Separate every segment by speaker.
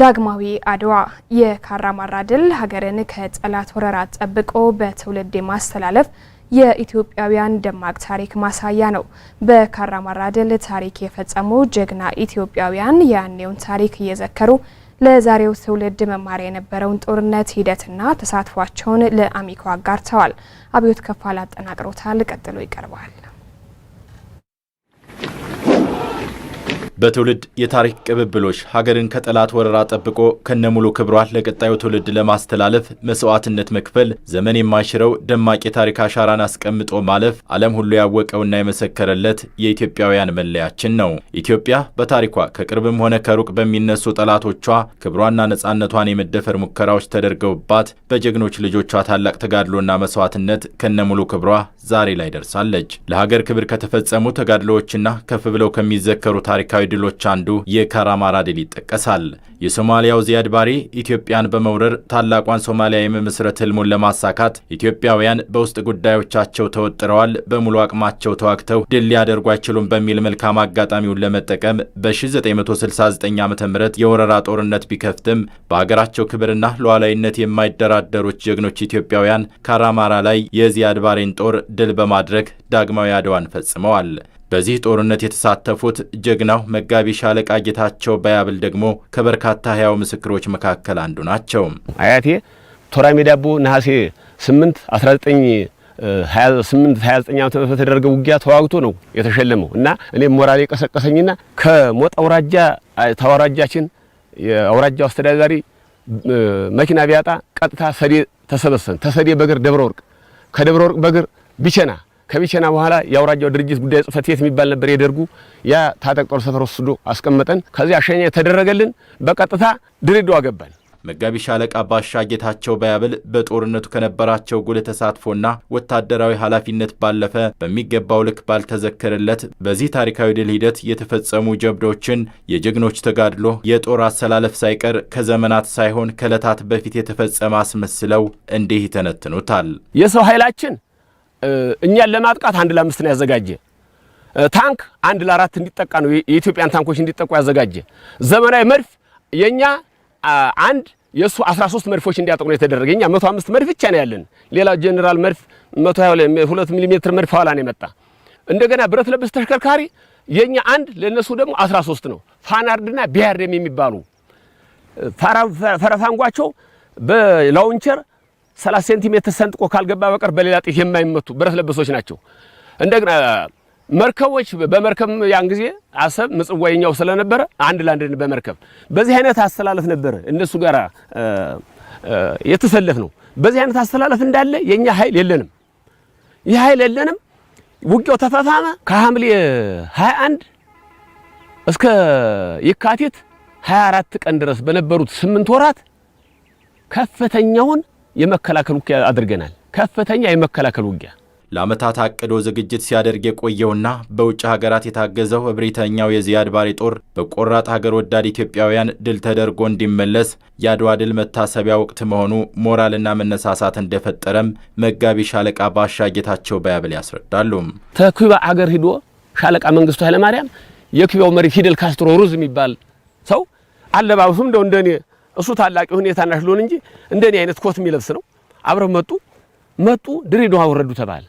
Speaker 1: ዳግማዊ አድዋ የካራማራ ድል ሀገርን ከጠላት ወረራ ጠብቆ በትውልድ የማስተላለፍ የኢትዮጵያውያን ደማቅ ታሪክ ማሳያ ነው። በካራማራ ድል ታሪክ የፈጸሙ ጀግና ኢትዮጵያውያን ያኔውን ታሪክ እየዘከሩ ለዛሬው ትውልድ መማሪያ የነበረውን ጦርነት ሂደትና ተሳትፏቸውን ለአሚኮ አጋርተዋል። አብዮት ከፋል አጠናቅሮታል። ቀጥሎ ይቀርባል።
Speaker 2: በትውልድ የታሪክ ቅብብሎች ሀገርን ከጠላት ወረራ ጠብቆ ከነሙሉ ክብሯን ለቀጣዩ ትውልድ ለማስተላለፍ መስዋዕትነት መክፈል ዘመን የማይሽረው ደማቅ የታሪክ አሻራን አስቀምጦ ማለፍ ዓለም ሁሉ ያወቀውና የመሰከረለት የኢትዮጵያውያን መለያችን ነው። ኢትዮጵያ በታሪኳ ከቅርብም ሆነ ከሩቅ በሚነሱ ጠላቶቿ ክብሯና ነፃነቷን የመደፈር ሙከራዎች ተደርገውባት በጀግኖች ልጆቿ ታላቅ ተጋድሎና መስዋዕትነት ከነሙሉ ክብሯ ዛሬ ላይ ደርሳለች። ለሀገር ክብር ከተፈጸሙ ተጋድሎዎችና ከፍ ብለው ከሚዘከሩ ታሪካዊ ድሎች አንዱ የካራማራ ድል ይጠቀሳል። የሶማሊያው ዚያድ ባሬ ኢትዮጵያን በመውረር ታላቋን ሶማሊያ የመመስረት ህልሙን ለማሳካት ኢትዮጵያውያን በውስጥ ጉዳዮቻቸው ተወጥረዋል፣ በሙሉ አቅማቸው ተዋግተው ድል ሊያደርጉ አይችሉም በሚል መልካም አጋጣሚውን ለመጠቀም በ1969 ዓ ም የወረራ ጦርነት ቢከፍትም በሀገራቸው ክብርና ሉዓላዊነት የማይደራደሩት ጀግኖች ኢትዮጵያውያን ካራማራ ላይ የዚያድ ባሬን ጦር ድል በማድረግ ዳግማዊ አድዋን ፈጽመዋል። በዚህ ጦርነት የተሳተፉት ጀግናው መጋቢ ሻለቃ ጌታቸው ባያብል ደግሞ ከበርካታ ህያው ምስክሮች መካከል አንዱ ናቸው።
Speaker 3: አያቴ ቶራ ሜዳቦ ነሐሴ 8 19 28 29 ዓመተ የተደረገ ውጊያ ተዋግቶ ነው የተሸለመው እና እኔም ሞራሌ የቀሰቀሰኝና ከሞጣ አውራጃ ተወራጃችን የአውራጃው አስተዳዳሪ መኪና ቢያጣ ቀጥታ ሰዴ ተሰበሰን ተሰዴ በግር ደብረ ወርቅ ከደብረ ወርቅ በግር ቢቸና ከቢቸና በኋላ የአውራጃው ድርጅት ጉዳይ ጽሕፈት ቤት የሚባል ነበር የደርጉ። ያ ታጠቅ ጦር ሰፈር ወስዶ አስቀመጠን። ከዚህ አሸኛ የተደረገልን በቀጥታ ድሬዳዋ ገባን።
Speaker 2: መጋቢ ሻለቃ ባሻ ጌታቸው በያብል በጦርነቱ ከነበራቸው ጉልህ ተሳትፎና ወታደራዊ ኃላፊነት ባለፈ በሚገባው ልክ ባልተዘከረለት በዚህ ታሪካዊ ድል ሂደት የተፈጸሙ ጀብዶችን የጀግኖች ተጋድሎ፣ የጦር አሰላለፍ ሳይቀር ከዘመናት ሳይሆን ከዕለታት በፊት የተፈጸመ አስመስለው እንዲህ ይተነትኑታል።
Speaker 3: የሰው ኃይላችን እኛን ለማጥቃት አንድ ለአምስት ነው ያዘጋጀ። ታንክ አንድ ለአራት እንዲጠቃ ነው የኢትዮጵያን ታንኮች እንዲጠቁ ያዘጋጀ። ዘመናዊ መድፍ የኛ አንድ የሱ 13 መድፎች እንዲያጠቁ ነው የተደረገ። እኛ 105 መድፍ ብቻ ነው ያለን። ሌላ ጀነራል መድፍ 122 ሚሊ ሜትር መድፍ ኋላ ነው የመጣ። እንደገና ብረት ለበስ ተሽከርካሪ የኛ አንድ ለነሱ ደግሞ 13 ነው። ፋናርድና ቢያርም የሚባሉ ፈረፋንጓቸው በላውንቸር 30 ሴንቲሜትር ሰንጥቆ ካልገባ በቀር በሌላ ጤፍ የማይመቱ ብረት ለበሶች ናቸው። እንደገና መርከቦች በመርከብ ያን ጊዜ አሰብ ምጽዋይኛው ስለነበረ አንድ ለአንድ በመርከብ በዚህ አይነት አስተላለፍ ነበረ እነሱ ጋር የተሰለፍ ነው። በዚህ አይነት አስተላለፍ እንዳለ የኛ ኃይል የለንም። ይህ ኃይል የለንም። ውጊያው ተፋፋመ። ከሐምሌ 21 እስከ የካቲት 24 ቀን ድረስ በነበሩት ስምንት ወራት ከፍተኛውን የመከላከል ውጊያ አድርገናል። ከፍተኛ የመከላከል ውጊያ
Speaker 2: ለአመታት አቅዶ ዝግጅት ሲያደርግ የቆየውና በውጭ ሀገራት የታገዘው እብሪተኛው የዚያድ ባሬ ጦር በቆራጥ ሀገር ወዳድ ኢትዮጵያውያን ድል ተደርጎ እንዲመለስ የአድዋ ድል መታሰቢያ ወቅት መሆኑ ሞራልና መነሳሳት እንደፈጠረም መጋቢ ሻለቃ ባሻ ጌታቸው በያብል ያስረዳሉ።
Speaker 3: ተኩባ አገር ሂዶ ሻለቃ መንግስቱ ኃይለማርያም የኩባው መሪ ፊደል ካስትሮ ሩዝ የሚባል ሰው አለባበሱም እንደው እንደኔ እሱ ታላቅ ይሁን የታናሽ ሊሆን እንጂ እንደኔ አይነት ኮት የሚለብስ ነው። አብረው መጡ መጡ ድሬዳዋ ወረዱ ተባለ።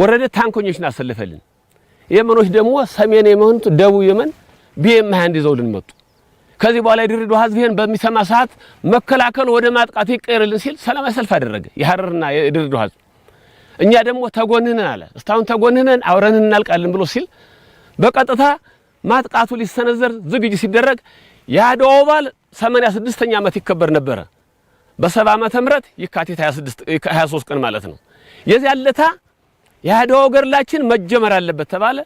Speaker 3: ወረደ ታንኮኞችን አሰልፈልን የመኖች ደግሞ ሰሜን የመኑት ደቡብ የመን ቢኤም ሃያ ይዘውልን መጡ። ከዚህ በኋላ የድሬዳዋ ህዝብ በሚሰማ ሰዓት መከላከል ወደ ማጥቃቱ ይቀየርልን ሲል ሰላማዊ ሰልፍ አደረገ የሀረርና የድሬዳዋ ህዝብ። እኛ ደግሞ ተጎንነን አለ እስታሁን ተጎንነን አብረንህ እናልቃለን ብሎ ሲል በቀጥታ ማጥቃቱ ሊሰነዘር ዝግጅት ሲደረግ የአድዋው ባል ሰማንያ ስድስተኛ ዓመት ይከበር ነበረ በሰባ ዓመተ ምህረት የካቲት 26 23 ቀን ማለት ነው። የዚያ ዕለታ የአድዋው ገድላችን መጀመር አለበት ተባለ።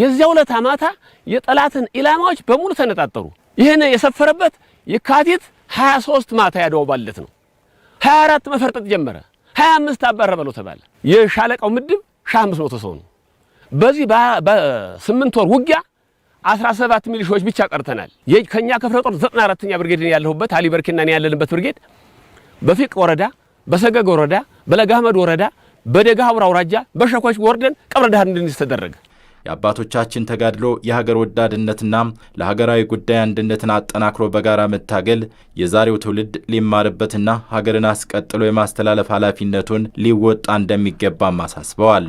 Speaker 3: የዚያ ዕለታ ማታ የጠላትን ኢላማዎች በሙሉ ተነጣጠሩ። ይህን የሰፈረበት የካቲት 23 ማታ የአድዋው ባለት ነው። 24 መፈርጠጥ ጀመረ። 25 አባረ በለው ተባለ። የሻለቃው ምድብ 500 ሰው ነው። በዚህ በስምንት ወር ውጊያ 17 ሚሊሾች ብቻ ቀርተናል። ከኛ ክፍለ ጦር 94ኛ ብርጌድ ያለሁበት አሊ በርኬና እኔ ያለንበት ብርጌድ በፊቅ ወረዳ፣ በሰገግ ወረዳ፣ በለጋህመድ ወረዳ፣ በደጋ አውራ አውራጃ፣ በሸኮች ወርደን ቀብረ ዳህን እንድንይዝ ተደረገ።
Speaker 2: የአባቶቻችን ተጋድሎ የሀገር ወዳድነትና ለሀገራዊ ጉዳይ አንድነትን አጠናክሮ በጋራ መታገል የዛሬው ትውልድ ሊማርበትና ሀገርን አስቀጥሎ የማስተላለፍ ኃላፊነቱን ሊወጣ እንደሚገባም አሳስበዋል።